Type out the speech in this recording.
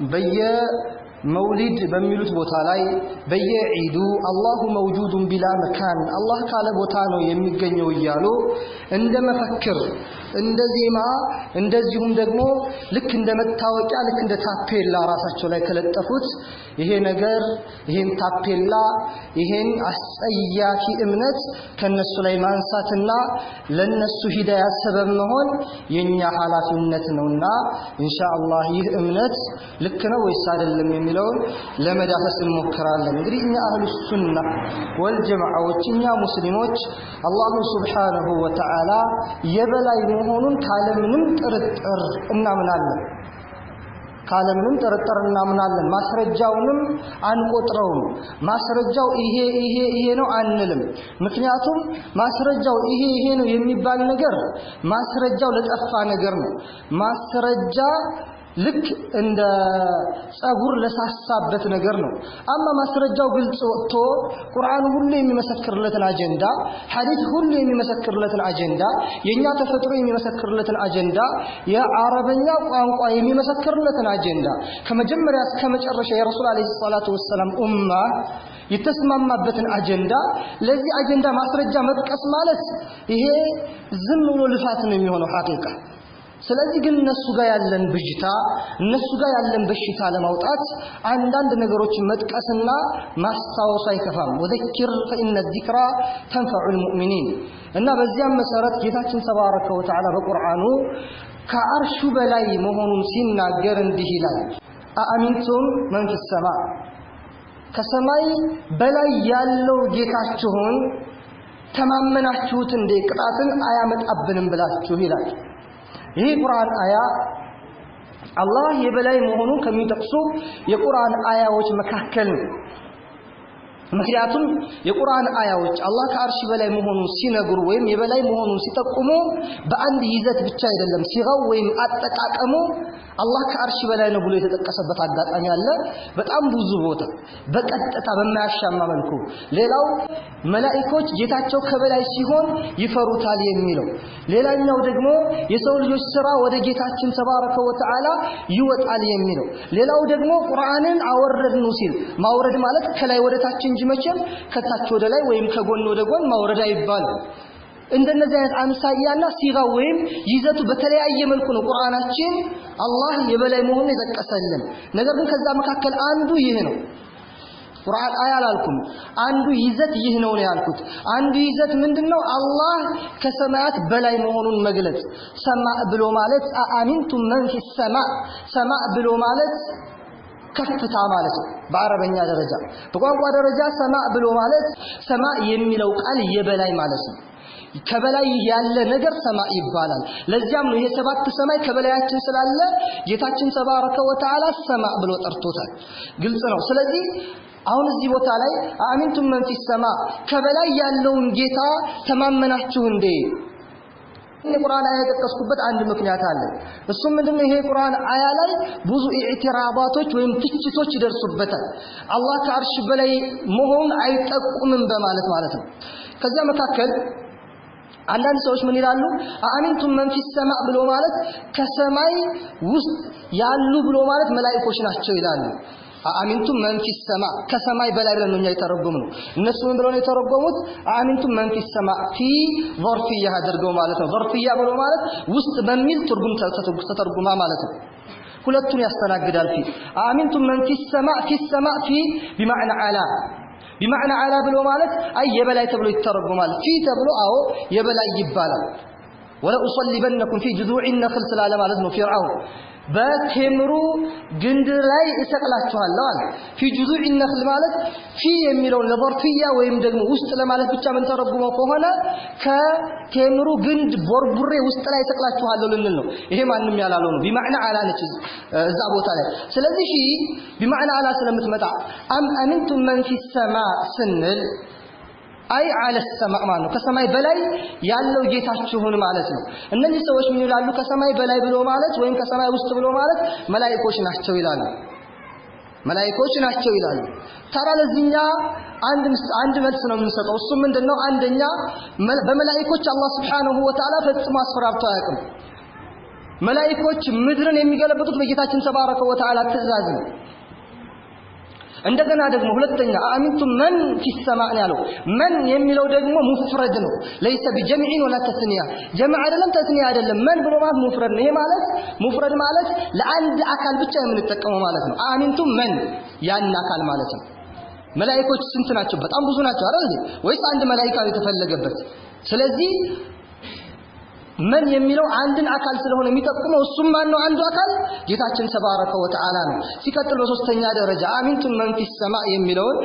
بيا መውሊድ በሚሉት ቦታ ላይ በየዒዱ አላሁ መውጁዱን ቢላ መካን አላህ ካለ ቦታ ነው የሚገኘው እያሉ እንደ መፈክር፣ እንደ ዜማ እንደዚሁም ደግሞ ልክ እንደ መታወቂያ ልክ እንደ ታፔላ ራሳቸው ላይ ከለጠፉት ይሄ ነገር ይሄን ታፔላ ይሄን አስጸያፊ እምነት ከነሱ ላይ ማንሳትና ለነሱ ሂዳያ ሰበብ መሆን የኛ ኃላፊነት ነውና ኢንሻአላህ ይህ እምነት ልክ ነው ወይስ አይደለም የሚለውን ለመዳሰስ እንሞክራለን። እንግዲህ እኛ አህሉ ሱና ወልጀማዓዎች እኛ ሙስሊሞች አላሁ ሱብሓነሁ ወተዓላ የበላይ መሆኑን ካለምንም ጥርጥር እናምናለን። ካለምንም ጥርጥር እናምናለን። ማስረጃውንም አንቆጥረውም። ማስረጃው ይሄ ይሄ ይሄ ነው አንልም። ምክንያቱም ማስረጃው ይሄ ይሄ ነው የሚባል ነገር ማስረጃው ለጠፋ ነገር ነው። ማስረጃ ልክ እንደ ጸጉር ለሳሳበት ነገር ነው። አማ ማስረጃው ግልጽ ወጥቶ ቁርአን ሁሉ የሚመሰክርለትን አጀንዳ፣ ሐዲስ ሁሉ የሚመሰክርለትን አጀንዳ፣ የኛ ተፈጥሮ የሚመሰክርለትን አጀንዳ፣ የአረበኛ ቋንቋ የሚመሰክርለትን አጀንዳ ከመጀመሪያ እስከ መጨረሻ የረሱል አለይሂ ሰላቱ ወሰለም ኡማ የተስማማበትን አጀንዳ ለዚህ አጀንዳ ማስረጃ መጥቀስ ማለት ይሄ ዝም ብሎ ልፋት ነው የሚሆነው ሐቂቃ ስለዚህ ግን እነሱ ጋር ያለን ብዥታ እነሱ ጋር ያለን በሽታ ለማውጣት አንዳንድ ነገሮችን መጥቀስና ማስታወስ አይከፋም። ወዘኪር ፈኢነ ዚክራ ተንፈዑል ሙእሚኒን እና በዚያም መሰረት ጌታችን ተባረከ ወተዓላ በቁርአኑ ከአርሹ በላይ መሆኑን ሲናገር እንዲህ ይላል፣ አአሚንቱም መንፊ ሰማ ከሰማይ በላይ ያለው ጌታችሁን ተማመናችሁት እንዴ? ቅጣትን አያመጣብንም ብላችሁ ይላል። ይህ ቁርአን አያ አላህ የበላይ መሆኑን ከሚጠቅሱ የቁርአን አያዎች መካከል ነው። ምክንያቱም የቁርአን አያዎች አላህ ከአርሽ በላይ መሆኑን ሲነግሩ ወይም የበላይ መሆኑን ሲጠቁሙ በአንድ ይዘት ብቻ አይደለም፣ ሲጋው ወይም አጠቃቀሙ አላህ ከአርሽ በላይ ነው ብሎ የተጠቀሰበት አጋጣሚ አለ። በጣም ብዙ ቦታ በቀጥታ በማያሻማ መልኩ። ሌላው መላእኮች ጌታቸው ከበላይ ሲሆን ይፈሩታል የሚለው። ሌላኛው ደግሞ የሰው ልጆች ስራ ወደ ጌታችን ተባረከ ወተዓላ ይወጣል የሚለው። ሌላው ደግሞ ቁርአንን አወረድነው ሲል ማውረድ ማለት ከላይ ወደ ታች እንጂ መቼም ከታች ወደ ላይ ወይም ከጎን ወደ ጎን ማውረድ አይባልም። እንደነዚህ አይነት አምሳያና ሲጋ ወይም ይዘቱ በተለያየ መልኩ ነው ቁርአናችን አላህ የበላይ መሆኑን የጠቀሰልን። ነገር ግን ከዛ መካከል አንዱ ይህ ነው። ቁርአን አያ አላልኩም። አንዱ ይዘት ይህ ነው ነው ያልኩት። አንዱ ይዘት ምንድነው? አላህ ከሰማያት በላይ መሆኑን መግለጽ። ሰማ ብሎ ማለት አሚንቱም መን ፊ ሰማዕ፣ ሰማዕ ብሎ ማለት ከፍታ ማለት ነው በአረበኛ ደረጃ። በቋንቋ ደረጃ ሰማዕ ብሎ ማለት ሰማ የሚለው ቃል የበላይ ማለት ነው። ከበላይ ያለ ነገር ሰማይ ይባላል። ለዚያም ነው ይሄ ሰባት ሰማይ ከበላያችን ስላለ ጌታችን ተባረከ ወተዓላ ሰማይ ብሎ ጠርቶታል። ግልጽ ነው። ስለዚህ አሁን እዚህ ቦታ ላይ አሚንቱም መን ፊ ሰማ ከበላይ ያለውን ጌታ ተማመናችሁ እንዴ? ቁርአን አያ የጠቀስኩበት አንድ ምክንያት አለ። እሱም ምንድነው? ይሄ ቁርአን አያ ላይ ብዙ ኢዕትራባቶች ወይም ትችቶች ይደርሱበታል። አላህ ከአርሽ በላይ መሆን አይጠቁምም በማለት ማለት ነው። ከዚያ መካከል አንዳንድ ሰዎች ምን ይላሉ አሚንቱም መን ፊስ ሰማዕ ብሎ ማለት ከሰማይ ውስጥ ያሉ ብሎ ማለት መላእክቶች ናቸው ይላሉ አሚንቱም መን ፊስ ሰማዕ ከሰማይ በላይ ብለን ነው እኛ የተረጎምነው እነሱ ምን ብለው ነው የተረጎሙት አሚንቱም መን ፊስ ሰማዕ ፊ ظرفያ አድርገው ማለት ነው ظرفያ ብሎ ማለት ውስጥ በሚል ትርጉም ተተርጉማ ማለት ነው ሁለቱን ያስተናግዳል ፊ አሚንቱም መን ፊስ ሰማዕ ፊስ ሰማዕ ፊ بمعنى على بمعنى على بلو مالت أي يبلاي تبلو يترب مالت في تبلو أو يبلاي يبالا ولا أصلبنكم في جذوع النخل سلالة ما لازم في رعاو باتمرو جندلاي إسقلات شوال في جذوع النخل ما في يميلون لبرتية ويمدلون وستلا ما لازم بيتشامن تربو ما كوهنا كا تمرو جند بربري وسط لا شوال لون لنو إيه ما نمي على لونه بمعنى على نتشز زابو تالي سلازي شي بمعنى على سلامة متع أم انتم من في السماء سنل አይ አለ ሰማዕ ማለት ነው። ከሰማይ በላይ ያለው ጌታችሁን ማለት ነው። እነዚህ ሰዎች ምን ይላሉ? ከሰማይ በላይ ብሎ ማለት ወይም ከሰማይ ውስጥ ብሎ ማለት መላእኮች ናቸው ይላሉ። መላእኮች ናቸው ይላሉ። ታዲያ ለዚህኛ አንድ አንድ መልስ ነው የምንሰጠው። እሱ ምንድነው? አንደኛ በመላእኮች አላህ Subhanahu Wa Ta'ala ፈጽሞ አስፈራርቶ አያውቅም። መላእኮች ምድርን የሚገለብጡት በጌታችን ተባረከ ወተዓላ ትእዛዝ ነው። እንደገና ደግሞ ሁለተኛ አአሚንቱ መን ፊሰማእ ነው ያለው። መን የሚለው ደግሞ ሙፍረድ ነው። ለይሰ ቢጀምዒን ወላ ተስኒያ ጀምዕ አይደለም፣ ተስኒያ አይደለም። መን ብሎ ማለት ሙፍረድ ነው። ይሄ ማለት ሙፍረድ ማለት ለአንድ አካል ብቻ የምንጠቀመው ማለት ነው። አእሚንቱም መን ያን አካል ማለት ነው። መላኢኮች ስንት ናቸው? በጣም ብዙ ናቸው አይደል? ወይስ አንድ መላኢካ የተፈለገበት? ስለዚህ መን የሚለው አንድን አካል ስለሆነ የሚጠቁመው እሱም ማን ነው? አንዱ አካል ጌታችን ተባረከ ወተዓላ ነው። ሲቀጥል በሶስተኛ ደረጃ አሚንቱም መን ፊ የሚለውን